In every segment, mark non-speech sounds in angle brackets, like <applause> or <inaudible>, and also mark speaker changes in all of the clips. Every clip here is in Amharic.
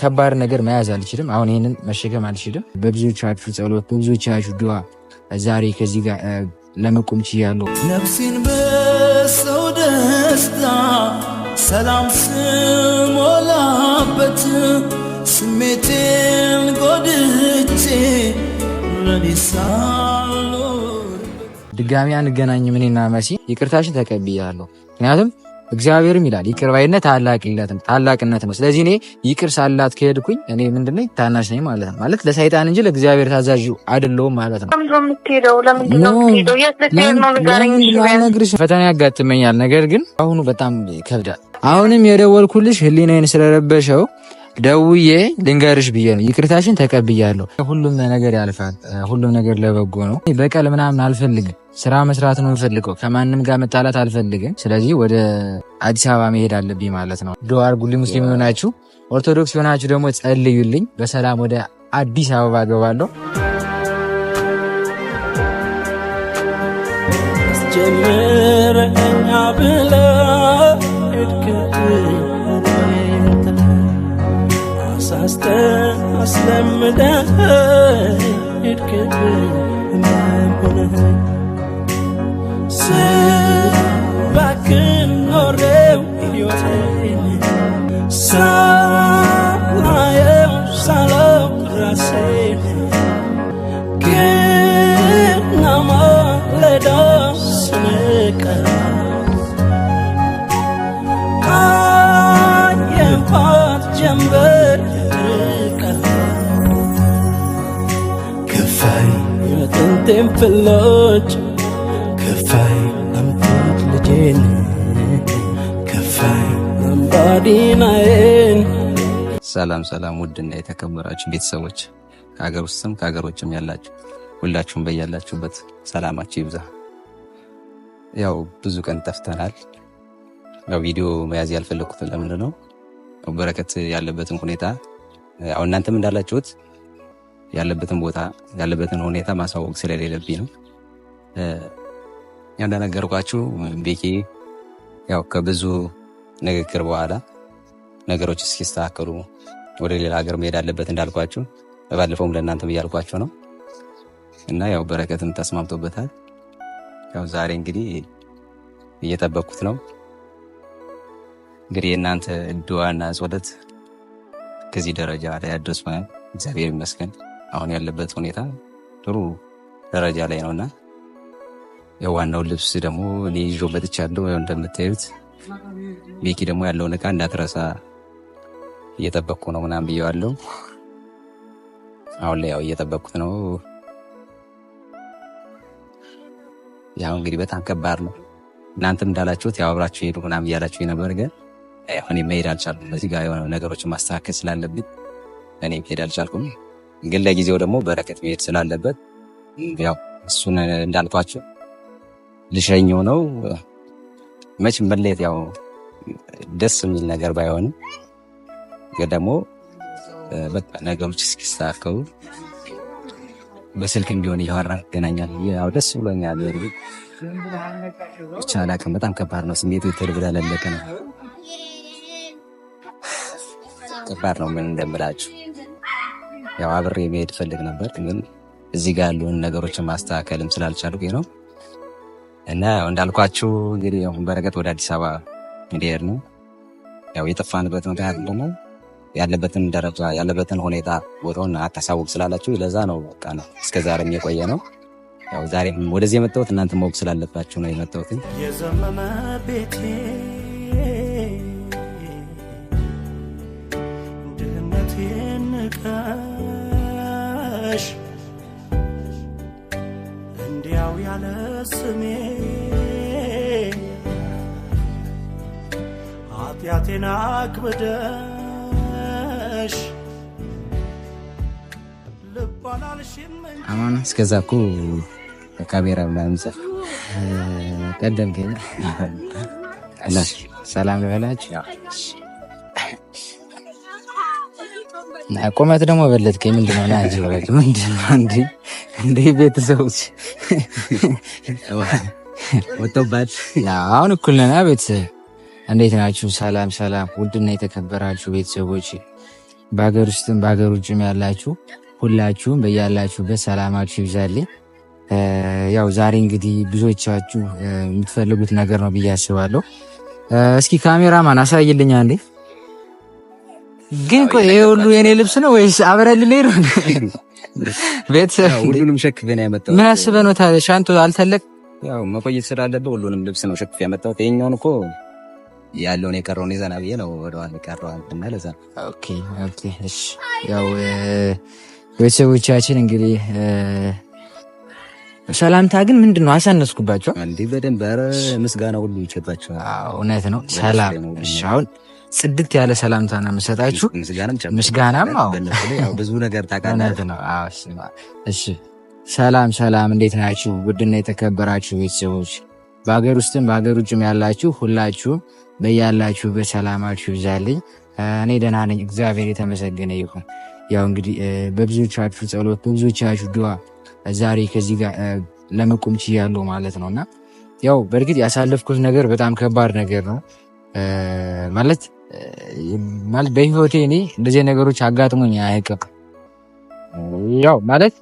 Speaker 1: ከባድ ነገር መያዝ አልችልም። አሁን ይህንን መሸከም አልችልም። በብዙዎቻችሁ ጸሎት፣ በብዙዎቻችሁ ድዋ ዛሬ ከዚህ ጋር ለመቆም ችያለሁ።
Speaker 2: ነፍሴን በሰው ደስታ ሰላም ስሞላበት ስሜቴን ጎድቼ
Speaker 1: ድጋሚ አንገናኝም እኔና መሲ ይቅርታሽን ተቀብያለሁ ምክንያቱም እግዚአብሔርም ይላል ይቅር ባይነት ታላቅነት ነው። ስለዚህ እኔ ይቅር ሳላት ከሄድኩኝ እኔ ምንድነኝ? ታናሽ ነኝ ማለት ነው። ማለት ለሰይጣን እንጂ ለእግዚአብሔር ታዛዥ አይደለሁም ማለት ነው። ፈተና ያጋጥመኛል፣ ነገር ግን አሁኑ በጣም ይከብዳል። አሁንም የደወልኩልሽ ህሊናዬን ስለረበሸው ደውዬ ልንገርሽ ብዬ ነው። ይቅርታሽን ተቀብያለሁ። ሁሉም ነገር ያልፋል። ሁሉም ነገር ለበጎ ነው። በቀል ምናምን አልፈልግም። ስራ መስራት ነው የምፈልገው። ከማንም ጋር መጣላት አልፈልግም። ስለዚህ ወደ አዲስ አበባ መሄድ አለብኝ ማለት ነው። ዱዓ አድርጉልኝ። ሙስሊም የሆናችሁ ኦርቶዶክስ የሆናችሁ ደግሞ ጸልዩልኝ። በሰላም ወደ አዲስ አበባ እገባለሁ። ጀምረኛ ብለው አስተ አስለምደህ ሄድክብኝ ፍሎች ከፋይ ልጄን ከፋይ ሰላም ሰላም! ውድና የተከበራችሁ ቤተሰቦች ከሀገር ውስጥም ከሀገሮችም ያላችሁ ሁላችሁም በያላችሁበት ሰላማችሁ ይብዛ። ያው ብዙ ቀን ጠፍተናል። ቪዲዮ መያዝ ያልፈለግኩት ለምንድን ነው በረከት ያለበትን ሁኔታ ያው እናንተም እንዳላችሁት ያለበትን ቦታ ያለበትን ሁኔታ ማሳወቅ ስለሌለብኝ ነው። እንደነገርኳችሁ ቤኬ ያው ከብዙ ንግግር በኋላ ነገሮች እስኪስተካከሉ ወደ ሌላ ሀገር መሄድ አለበት እንዳልኳችሁ ባለፈውም ለእናንተም እያልኳችሁ ነው እና ያው በረከትም ተስማምቶበታል። ያው ዛሬ እንግዲህ እየጠበቅኩት ነው። እንግዲህ የእናንተ ድዋና ጸሎት ከዚህ ደረጃ ላይ አድርሶናል። እግዚአብሔር ይመስገን። አሁን ያለበት ሁኔታ ጥሩ ደረጃ ላይ ነውና የዋናው ልብስ ደግሞ እኔ ይዞ መጥቻለሁ። እንደምታዩት ቤኪ ደግሞ ያለውን እቃ እንዳትረሳ እየጠበቅኩ ነው ምናምን ብየዋለሁ። አሁን ላይ ያው እየጠበቅኩት ነው። ያው እንግዲህ በጣም ከባድ ነው። እናንተም እንዳላችሁት ያው አብራችሁ ሄዱ ምናምን እያላችሁ ነበር፣ ግን እኔ መሄድ አልቻልኩም። በዚህ ጋር የሆነ ነገሮችን ማስተካከል ስላለብኝ እኔ መሄድ አልቻልኩም። ግን ለጊዜው ደግሞ በረከት መሄድ ስላለበት ያው እሱን እንዳልኳቸው ልሸኘው ነው። መቼም መለየት ያው ደስ የሚል ነገር ባይሆንም ግን ደግሞ በቃ ነገሮች እስኪስተካከሉ በስልክም ቢሆን እያወራ ገናኛል። ያው ደስ ብሎኛል። ብቻ አላውቅም፣ በጣም ከባድ ነው ስሜቱ። የተልብላለለቀ ነው፣ ከባድ ነው። ምን እንደምላችሁ ያው አብሬ መሄድ ፈልግ ነበር፣ ግን እዚህ ጋር ያሉን ነገሮችን ማስተካከልም ስላልቻሉ ነው እና እንዳልኳችሁ እንግዲህ በረገጥ ወደ አዲስ አበባ እንዲሄድ ነው። ያው የጠፋንበት ምክንያት ደግሞ ያለበትን ደረጃ ያለበትን ሁኔታ ቦታውን አታሳውቅ ስላላችሁ ለዛ ነው በቃ ነው እስከ ዛሬም የቆየ ነው። ያው ዛሬም ወደዚህ የመጣሁት እናንተ መወቅ ስላለባችሁ ነው የመጣሁት የዘመመ ቤቴ ነሽ እንዲያው ያለ ስሜ ኃጢአቴን አክብደሽ አማን እስከዛ እኮ ካሜራ ምናምን ጽፍ ቀደም ሰላም ልበላችሁ ቁመት ደግሞ በለጥከኝ። ምንድነው ና እንጂ ቤተሰቦች አሁን እኩል ነና። ቤተሰብ እንዴት ናችሁ? ሰላም ሰላም። ውድና የተከበራችሁ ቤተሰቦች በሀገር ውስጥም በሀገር ውጭም ያላችሁ ሁላችሁም በያላችሁበት ሰላማችሁ ይብዛልኝ። ያው ዛሬ እንግዲህ ብዙዎቻችሁ የምትፈልጉት ነገር ነው ብዬ አስባለሁ። እስኪ ካሜራማን አሳይልኛ እንዴ ግን እኮ ይሄ ሁሉ የኔ ልብስ ነው ወይስ አብረን ልንሄድ ነው? <laughs> ቤተሰብ ሁሉንም ሸክፌ ነው ያመጣሁት። ምን አስበህ ነው ታዲያ? ሻንቶ አልተለቅ ያው መቆየት ስላለብህ ሁሉንም ልብስ ነው ሸክፌ ያመጣሁት። ይሄኛውን እኮ ያለውን የቀረውን የዘና ብዬ ነው ወደኋላ የቀረዋል እና ለዛ ኦኬ ኦኬ። እሺ ያው ቤተሰቦቻችን እንግዲህ ሰላምታ ግን ምንድን ነው አሳነስኩባቸው እንዲህ በደንብ ኧረ ምስጋና ሁሉ ይቸባቸዋል። እውነት ነው ሰላም። እሺ አሁን ጽድት ያለ ሰላምታ ነው የምሰጣችሁ። ምስጋናም ብዙ ነገር ታውቃለህ እሺ ሰላም ሰላም፣ እንዴት ናችሁ? ውድና የተከበራችሁ ቤተሰቦች በሀገር ውስጥም በሀገር ውጭም ያላችሁ ሁላችሁም በያላችሁ በሰላማችሁ ይብዛልኝ። እኔ ደህና ነኝ፣ እግዚአብሔር የተመሰገነ ይሁን። ያው እንግዲህ በብዙዎቻችሁ ጸሎት በብዙዎቻችሁ ድዋ ዛሬ ከዚህ ጋር ለመቆም ችያለሁ ማለት ነው እና ያው በእርግጥ ያሳለፍኩት ነገር በጣም ከባድ ነገር ነው ማለት ማለት በህይወቴ እኔ እንደዚህ ነገሮች አጋጥሞኝ አያውቅም። ያው ማለት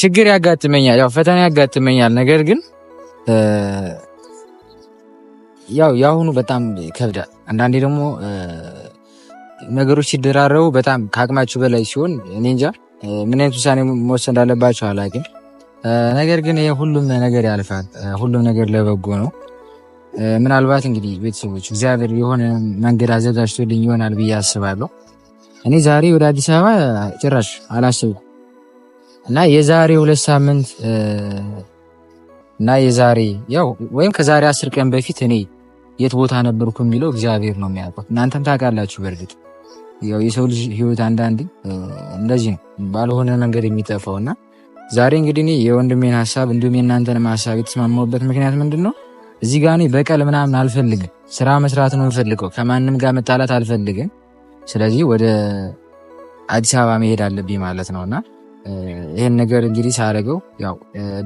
Speaker 1: ችግር ያጋጥመኛል፣ ያው ፈተና ያጋጥመኛል። ነገር ግን ያው የአሁኑ በጣም ይከብዳል። አንዳንዴ ደግሞ ነገሮች ሲደራረቡ በጣም ከአቅማችሁ በላይ ሲሆን እኔ እንጃ ምን አይነት ውሳኔ መወሰን እንዳለባቸው አላውቅም። ነገር ግን ሁሉም ነገር ያልፋል። ሁሉም ነገር ለበጎ ነው። ምናልባት እንግዲህ ቤተሰቦች እግዚአብሔር የሆነ መንገድ አዘጋጅቶልኝ ይሆናል ብዬ አስባለሁ። እኔ ዛሬ ወደ አዲስ አበባ ጭራሽ አላሰብኩም እና የዛሬ ሁለት ሳምንት እና የዛሬ ያው ወይም ከዛሬ አስር ቀን በፊት እኔ የት ቦታ ነበርኩ የሚለው እግዚአብሔር ነው የሚያውቁት። እናንተም ታውቃላችሁ። በእርግጥ ያው የሰው ልጅ ህይወት አንዳንድ እንደዚህ ነው ባልሆነ መንገድ የሚጠፋው እና ዛሬ እንግዲህ እኔ የወንድሜን ሀሳብ እንዲሁም የእናንተንም ሀሳብ የተስማማሁበት ምክንያት ምንድን ነው እዚህ ጋር እኔ በቀል ምናምን አልፈልግም። ስራ መስራት ነው የምፈልገው። ከማንም ጋር መጣላት አልፈልግም። ስለዚህ ወደ አዲስ አበባ መሄድ አለብኝ ማለት ነው እና ይህን ነገር እንግዲህ ሳደርገው ያው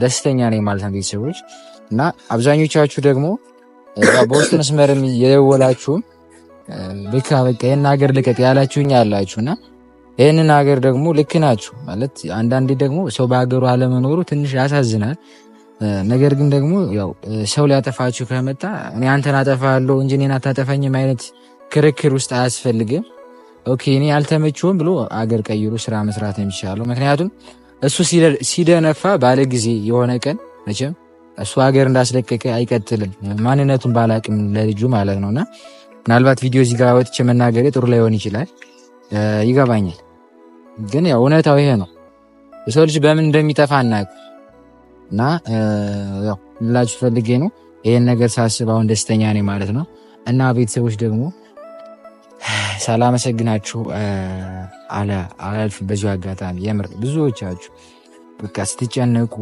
Speaker 1: ደስተኛ ነኝ ማለት ነው ቤተሰቦች። እና አብዛኞቻችሁ ደግሞ በውስጥ መስመርም የደወላችሁም ልክ በቃ ይህን ሀገር ልቀቅ ያላችሁኝ አላችሁ እና ይህንን ሀገር ደግሞ ልክ ናችሁ ማለት አንዳንዴ ደግሞ ሰው በሀገሩ አለመኖሩ ትንሽ ያሳዝናል። ነገር ግን ደግሞ ያው ሰው ሊያጠፋችሁ ከመጣ እኔ አንተን አጠፋለሁ እንጂ እኔን አይነት ክርክር ውስጥ አያስፈልግም። ኦኬ እኔ አልተመችሁም ብሎ አገር ቀይሮ ስራ መስራት ነው የሚሻለው። ምክንያቱም እሱ ሲደነፋ ባለ ጊዜ የሆነ ቀን መቼም እሱ ሀገር እንዳስለቀቀ አይቀጥልም። ማንነቱን ባላቅም ለልጁ ማለት ነው። እና ምናልባት ቪዲዮ እዚህ ጋር ወጥቼ መናገር ጥሩ ላይሆን ይችላል፣ ይገባኛል። ግን ያው እውነታው ይሄ ነው። የሰው ልጅ በምን እንደሚጠፋ እናቅ እና ያው ልላችሁ ፈልጌ ነው ይህን ነገር ሳስብ አሁን ደስተኛ ነኝ ማለት ነው። እና ቤተሰቦች ደግሞ ሳላመሰግናችሁ አላልፍ በዚሁ አጋጣሚ የምር ብዙዎቻችሁ በቃ ስትጨነቁ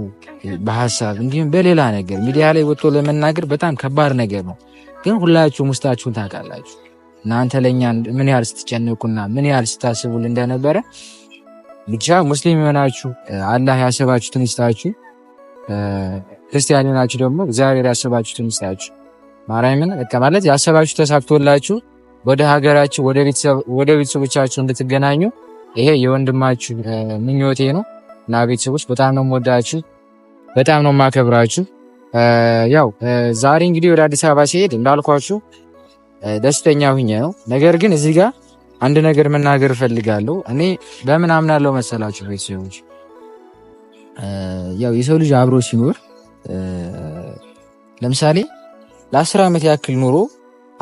Speaker 1: በሀሳብ እንዲሁም በሌላ ነገር ሚዲያ ላይ ወጥቶ ለመናገር በጣም ከባድ ነገር ነው። ግን ሁላችሁም ውስጣችሁን ታውቃላችሁ። እናንተ ለእኛ ምን ያህል ስትጨነቁና ምን ያህል ስታስቡል እንደነበረ ብቻ ሙስሊም የሆናችሁ አላህ ያሰባችሁትን ይስጣችሁ። ክርስቲያን ናችሁ ደግሞ እግዚአብሔር ያሰባችሁትን ይስጣችሁ። ማርያምን በቃ ማለት ያሰባችሁ ተሳክቶላችሁ ወደ ሀገራችሁ ወደ ቤተሰቦቻችሁ እንድትገናኙ ይሄ የወንድማችሁ ምኞቴ ነው እና ቤተሰቦች በጣም ነው የምወዳችሁ፣ በጣም ነው የማከብራችሁ። ያው ዛሬ እንግዲህ ወደ አዲስ አበባ ሲሄድ እንዳልኳችሁ ደስተኛ ሁኜ ነው። ነገር ግን እዚህ ጋር አንድ ነገር መናገር እፈልጋለሁ። እኔ በምን አምናለሁ መሰላችሁ ቤተሰቦች ያው የሰው ልጅ አብሮ ሲኖር ለምሳሌ ለአስር ዓመት ያክል ኖሮ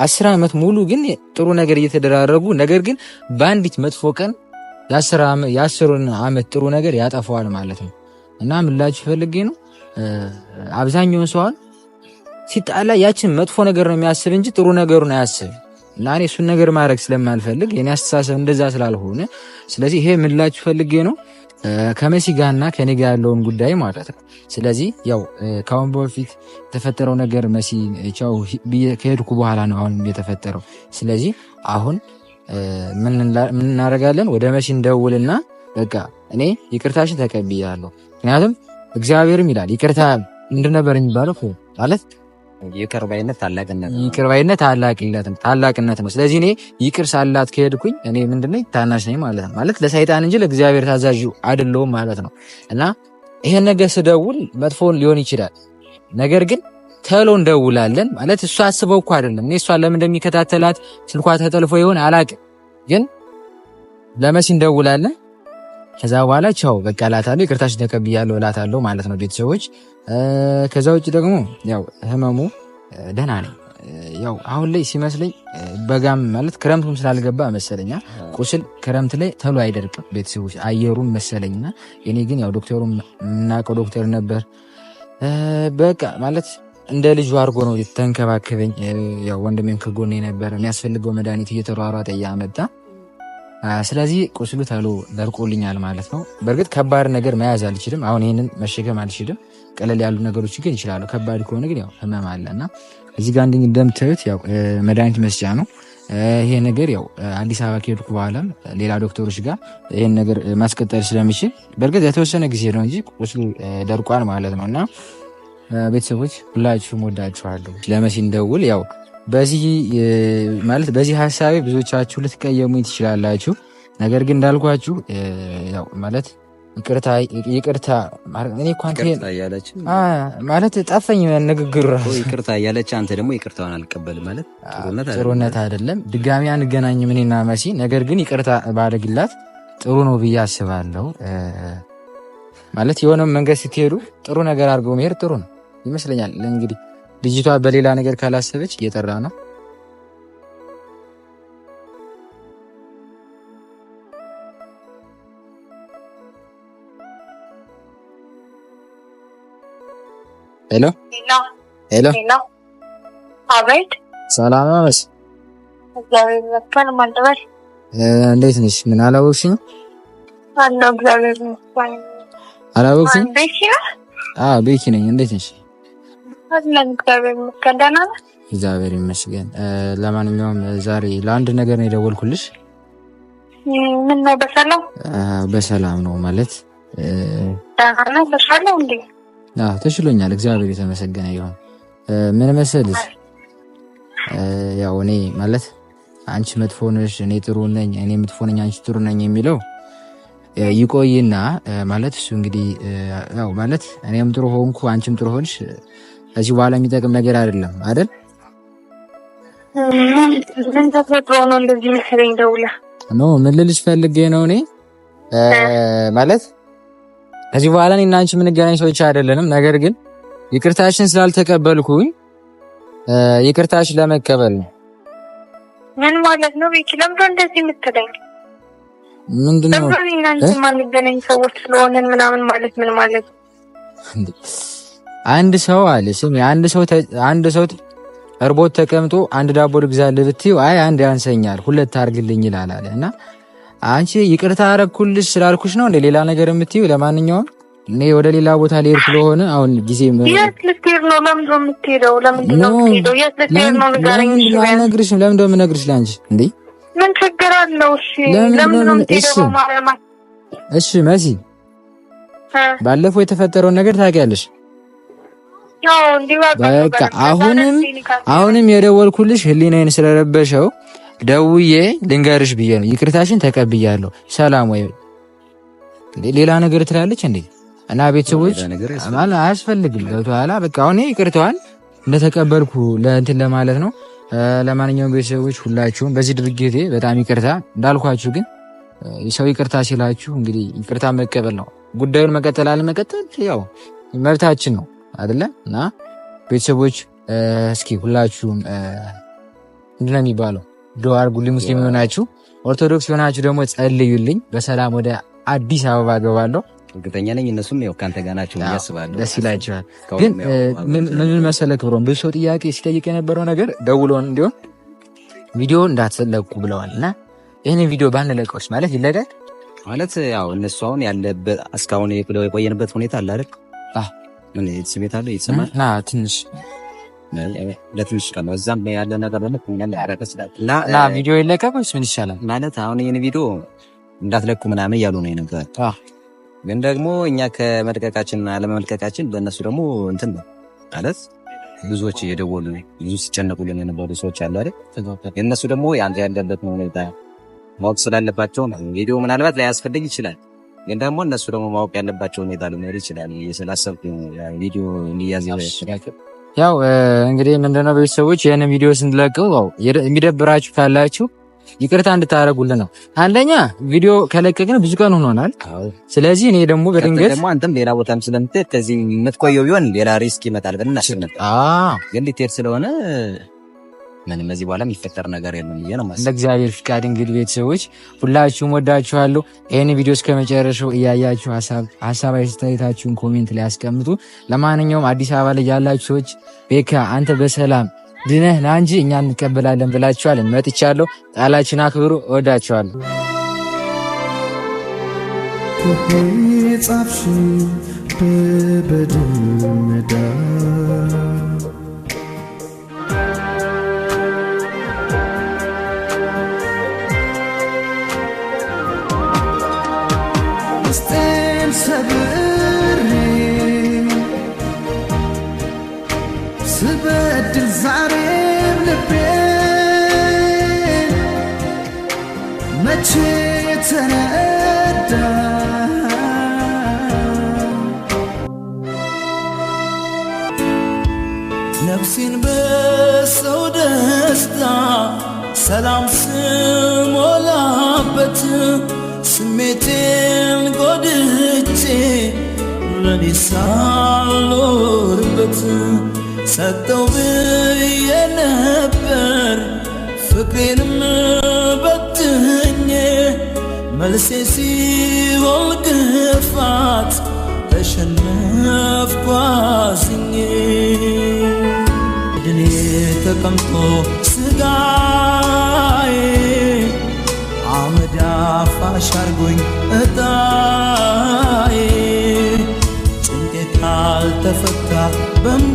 Speaker 1: አስር ዓመት ሙሉ ግን ጥሩ ነገር እየተደራረጉ ነገር ግን በአንዲት መጥፎ ቀን የአስሩን ዓመት ጥሩ ነገር ያጠፈዋል ማለት ነው። እና ምላችሁ ፈልጌ ነው አብዛኛውን ሰዋል ሲጣላ ያችን መጥፎ ነገር ነው የሚያስብ እንጂ ጥሩ ነገሩን አያስብ። እና እኔ እሱን ነገር ማድረግ ስለማልፈልግ የኔ አስተሳሰብ እንደዛ ስላልሆነ ስለዚህ ይሄ ምላችሁ ፈልጌ ነው። ከመሲ ጋርና ከኔ ጋር ያለውን ጉዳይ ማለት ነው። ስለዚህ ያው ከአሁን በፊት የተፈጠረው ነገር መሲ ቻው ከሄድኩ በኋላ ነው አሁን የተፈጠረው። ስለዚህ አሁን ምን እናደርጋለን? ወደ መሲ እንደውልና በቃ እኔ ይቅርታሽን ተቀብያለሁ። ምክንያቱም እግዚአብሔርም ይላል ይቅርታ ምንድን ነበር የሚባለው ማለት ይቅርባይነት ታላቅነት ይቅርባይነት ይቅር ታላቅነት ነው። ስለዚህ እኔ ይቅር ሳላት ከሄድኩኝ እኔ ምንድነኝ ታናሽ ነኝ ማለት ነው። ማለት ለሰይጣን እንጂ ለእግዚአብሔር ታዛዥ አይደለሁም ማለት ነው። እና ይሄን ነገር ስደውል መጥፎ ሊሆን ይችላል። ነገር ግን ተሎ እንደውላለን ማለት እሱ አስበው እኮ አይደለም። እኔ እሷ ለምን እንደሚከታተላት ስልኳ ተጠልፎ ይሆን አላቅም፣ ግን ለመሲ እንደውላለን። ከዛ በኋላ ቻው በቃ እላታለሁ። ይቅርታሽ ተቀብያለሁ እላታለሁ ማለት ነው ቤተሰቦች ከዛ ውጭ ደግሞ ያው ህመሙ ደህና ነኝ። ያው አሁን ላይ ሲመስለኝ በጋም ማለት ክረምቱም ስላልገባ መሰለኛ ቁስል ክረምት ላይ ተሎ አይደርቅም ቤተሰቦች አየሩም መሰለኝና እኔ ግን ያው ዶክተሩ የምናውቀው ዶክተር ነበር በቃ ማለት እንደ ልጁ አድርጎ ነው ተንከባከበኝ። ያው ወንድሜም ከጎኔ ነበር የሚያስፈልገው መድኃኒት እየተሯሯጠ እያመጣ ስለዚህ ቁስሉ ተሎ ደርቆልኛል ማለት ነው። በእርግጥ ከባድ ነገር መያዝ አልችልም። አሁን ይህንን መሸከም አልችልም። ቀለል ያሉ ነገሮች ግን ይችላሉ። ከባድ ከሆነ ግን ያው ህመም አለ እና እዚህ ጋር እንደ እንደምታዩት ያው መድኃኒት መስጫ ነው። ይሄ ነገር ያው አዲስ አበባ ከሄድኩ በኋላም ሌላ ዶክተሮች ጋር ይሄን ነገር ማስቀጠል ስለሚችል በእርግጥ የተወሰነ ጊዜ ነው እንጂ ቁስሉ ደርቋል ማለት ነው እና ቤተሰቦች ሁላችሁም ወዳችኋለሁ። ለመሲ እንደውል ያው በዚህ ማለት በዚህ ሀሳቤ ብዙዎቻችሁ ልትቀየሙኝ ትችላላችሁ። ነገር ግን እንዳልኳችሁ ማለት ይቅርታ ይቅርታ ማለት ጠፈኝ ንግግሩ ይቅርታ እያለች አንተ ደግሞ ይቅርታውን አልቀበል ማለት ጥሩነት አይደለም። ድጋሚ አንገናኝም እኔና መሲ። ነገር ግን ይቅርታ ባደርግላት ጥሩ ነው ብዬ አስባለሁ። ማለት የሆነም መንገድ ስትሄዱ ጥሩ ነገር አድርገው መሄድ ጥሩ ነው ይመስለኛል። እንግዲህ ልጅቷ በሌላ ነገር ካላሰበች እየጠራ ነው ሄሎ ሄሎ፣ አቤት። ሰላም ነሽ? እንዴት ነሽ? ምን አላወቅሽኝ? አለው አዎ ቤኪ ነኝ። እንዴት ነሽ? እግዚአብሔር ይመስገን። ለማንኛውም ዛሬ ለአንድ ነገር ነው የደወልኩልሽ።
Speaker 3: ምን ነው? በሰላም
Speaker 1: በሰላም ነው ማለት ተችሎኛል። እግዚአብሔር የተመሰገነ ይሁን። ምን መሰልሽ ያው እኔ ማለት አንቺ መጥፎ ነሽ፣ እኔ ጥሩ ነኝ፣ እኔ መጥፎ ነኝ፣ አንቺ ጥሩ ነኝ የሚለው ይቆይና ማለት እሱ እንግዲህ ያው ማለት እኔም ጥሩ ሆንኩ አንቺም ጥሩ ሆንሽ ከዚህ በኋላ የሚጠቅም ነገር አይደለም አይደል?
Speaker 3: ምን ተፈጥሮ ነው እንደዚህ መሰለኝ ደውላ
Speaker 1: ኖ ምን ልልሽ ፈልጌ ነው እኔ ማለት ከዚህ በኋላ እኔና አንቺ የምንገናኝ ሰዎች አይደለንም። ነገር ግን ይቅርታሽን ስላልተቀበልኩኝ ይቅርታሽን ለመቀበል ነው።
Speaker 3: ምን ማለት ነው? ቤኪ ለምዶ እንደዚህ የምትለኝ ምንድን ነው? እኔና አንቺ የማንገናኝ ሰዎች ስለሆነን ምናምን ማለት ምን ማለት
Speaker 1: አንድ ሰው አለ ስም አንድ ሰው አንድ ሰው እርቦት ተቀምጦ አንድ ዳቦ ልግዛልህ ብትይው አይ አንድ ያንሰኛል ሁለት አርግልኝ ይላል አለ እና አንቺ ይቅርታ አረግኩልሽ ስላልኩሽ ነው እንደ ሌላ ነገር የምትዩ። ለማንኛውም እኔ ወደ ሌላ ቦታ ልሄድ ስለሆነ አሁን ጊዜ
Speaker 3: የት ልትሄድ ነው? ለምንድን ነው
Speaker 1: የምነግርሽ? ለአንቺ እንዴ
Speaker 3: ምን ችግር አለው? እሺ
Speaker 1: እሺ መሲ ባለፈው የተፈጠረውን ነገር ታውቂያለሽ። በቃ አሁንም አሁንም የደወልኩልሽ ህሊናዬን ስለረበሸው ደውዬ ልንገርሽ ብዬ ነው። ይቅርታሽን ተቀብያለሁ። ሰላም ወይ ሌላ ነገር ትላለች እንዴ? እና ቤተሰቦች አያስፈልግም። ገብቶሃል? በቃ አሁን ይቅርታዋን እንደተቀበልኩ ለእንትን ለማለት ነው። ለማንኛውም ቤተሰቦች ሁላችሁም በዚህ ድርጊቴ በጣም ይቅርታ እንዳልኳችሁ፣ ግን ሰው ይቅርታ ሲላችሁ እንግዲህ ይቅርታ መቀበል ነው። ጉዳዩን መቀጠል አለመቀጠል ያው መብታችን ነው አይደለ? እና ቤተሰቦች እስኪ ሁላችሁም ምንድን ነው የሚባለው ዱዓ አድርጉልኝ። ሙስሊም የሆናችሁ ኦርቶዶክስ የሆናችሁ ደግሞ ጸልዩልኝ። በሰላም ወደ አዲስ አበባ እገባለሁ። እርግጠኛ ነኝ እነሱም ያው ከአንተ ጋር ናቸው ያስባለሁ። ደስ ይላቸዋል። ግን ምን መሰለህ ክብሮም ብሶ ጥያቄ ሲጠይቅ የነበረው ነገር ደውሎን እንዲሆን ቪዲዮ እንዳትለቁ ብለዋል እና ይህንን ቪዲዮ ባንለቀዎች ማለት ይለቀቅ ማለት ያው እነሱ አሁን ያለበት እስካሁን የቆየንበት ሁኔታ አለ አይደል? ምን ስሜት አለ ይሰማል ትንሽ ለትንሽ ቀን እዛም ያለ ነገር እና ቪዲዮ ይለቀቅ ወይስ ምን ይሻላል? ማለት አሁን ይህን ቪዲዮ እንዳትለቁ ምናምን እያሉ ነው የነበር። ግን ደግሞ እኛ ከመልቀቃችን አለመመልቀቃችን በእነሱ ደግሞ እንትን ነው ማለት ብዙዎች እየደወሉ ብዙ ሲጨነቁልን የነበሩ ሰዎች አሉ አይደል? የእነሱ ደግሞ አንተ ያለበት ሁኔታ ማወቅ ስላለባቸው ቪዲዮ ምናልባት ላያስፈልግ ይችላል። ግን ደግሞ እነሱ ደግሞ ማወቅ ያለባቸው ሁኔታ ሊኖር ይችላል። ስላሰብኩ ቪዲዮ እንዲያዝ ያው እንግዲህ ምንድነው ቤተሰቦች ይህን ቪዲዮ ስንለቀው ያው የሚደብራችሁ ካላችሁ ይቅርታ እንድታደርጉልን ነው። አንደኛ ቪዲዮ ከለቀቅን ብዙ ቀን ሆኖናል። ስለዚህ እኔ ደግሞ በድንገት ደግሞ አንተም ሌላ ቦታም ስለምትሄድ ከዚህ የምትቆየው ቢሆን ሌላ ሪስክ ይመጣል ብለን አስብን፣ ግን ስለሆነ ምንም እዚህ በኋላ የሚፈጠር ነገር የለም ብዬ ነው። እንደ እግዚአብሔር ፍቃድ እንግዲህ ቤተሰቦች ሁላችሁም ወዳችኋለሁ። ይህን ቪዲዮ እስከመጨረሻው እያያችሁ ሀሳብ አስተያየታችሁን ኮሜንት ላይ ያስቀምጡ። ለማንኛውም አዲስ አበባ ላይ ያላችሁ ሰዎች ቤካ አንተ በሰላም ድነህ ና እንጂ እኛ እንቀበላለን ብላችኋል። መጥቻለሁ። ጣላችን አክብሩ። ወዳችኋለሁ። ጻፍሽ በበድን መዳር ውስጤን ሰብሬ ስበድል ዛሬም ልቤ መቼ ተረዳ ነፍሴን በሰው ደስታ ሰላም ስሞላበት ለኔ ሳልኖርበት ሰጠው ብዬ ነበር ፍቅሬንም በትኜ መልሴ ሲሆን ግፋት ተሸነፍኩ አዝኜ ድኔ ተቀምጦ ስጋዬ አመድ አፋሽ አርጎኝ እጣዬ ተፈታ በንባዬ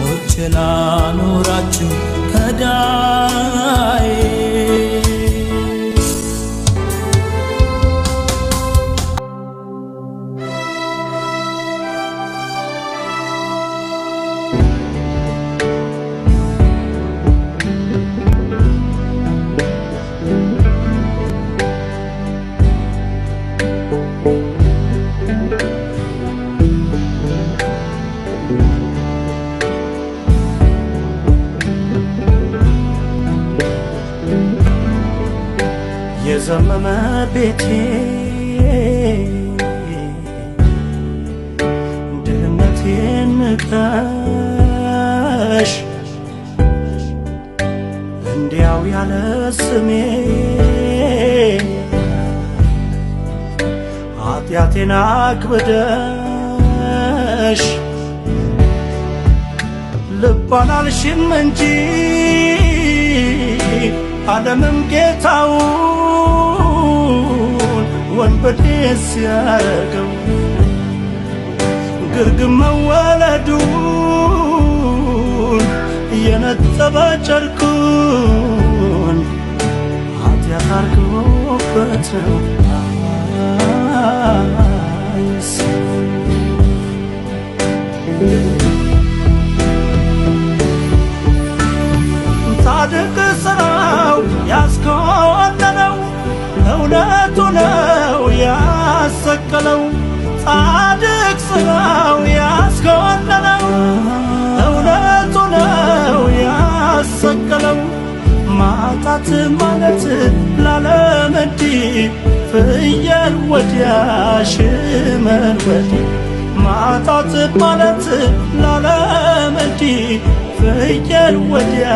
Speaker 1: ሞቼ ላኖራችሁ ከዳዬ ቤቴ ድህነቴን ንቀሽ እንዲያው ያለ ስሜ ኃጢአቴን አክብደሽ ልባን አልሽም እንጂ ዓለምም ጌታውን በዴስ ሲያረገው ግርግም መወለዱን የነጠበ ጨርቁን ኃጢአት አርግቦበት ነው ነው ያስኮነነው፣ እውነቱ ነው ያሰቀለው። ማጣት ማለት ላለም እንዲህ ፍየል ወዲያ ሽመል ወዲህ ማጣት ማለት ላለም እንዲህ ፍየል ወዲያ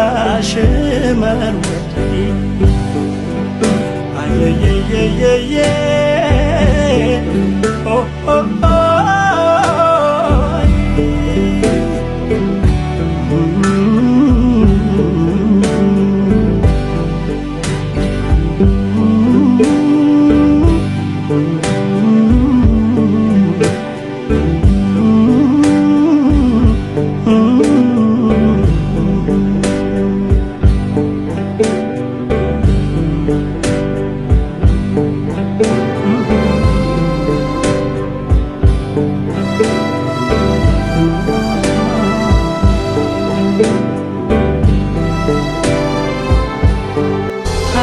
Speaker 1: ሽመል ወዲህ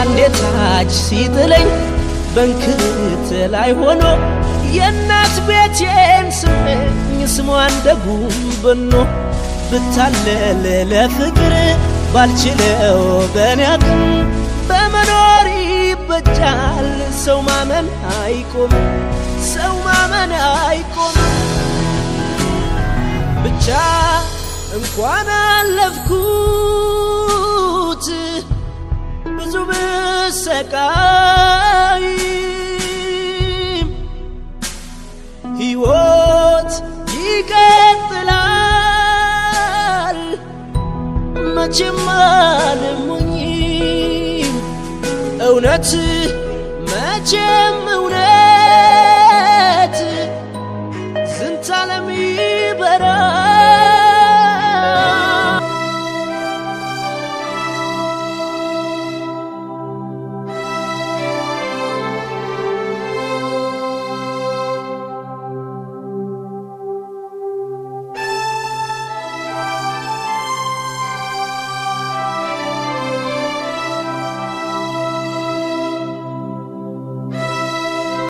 Speaker 1: አንዴ ታች ሲጥለኝ በንክት ላይ ሆኖ የእናት ቤቴን ስመኝ ስሟን እንደ ጉንበኖ ብታለል ለፍቅር ባልችለው በኔ በመኖር ይበጃል። ሰው ማመን አይቆምም፣ ሰው ማመን አይቆምም። ብቻ እንኳን አለፍኩ ብዙ ብሰቃይም ሕይወት ይቀጥላል መቼም አልሞኝም እውነት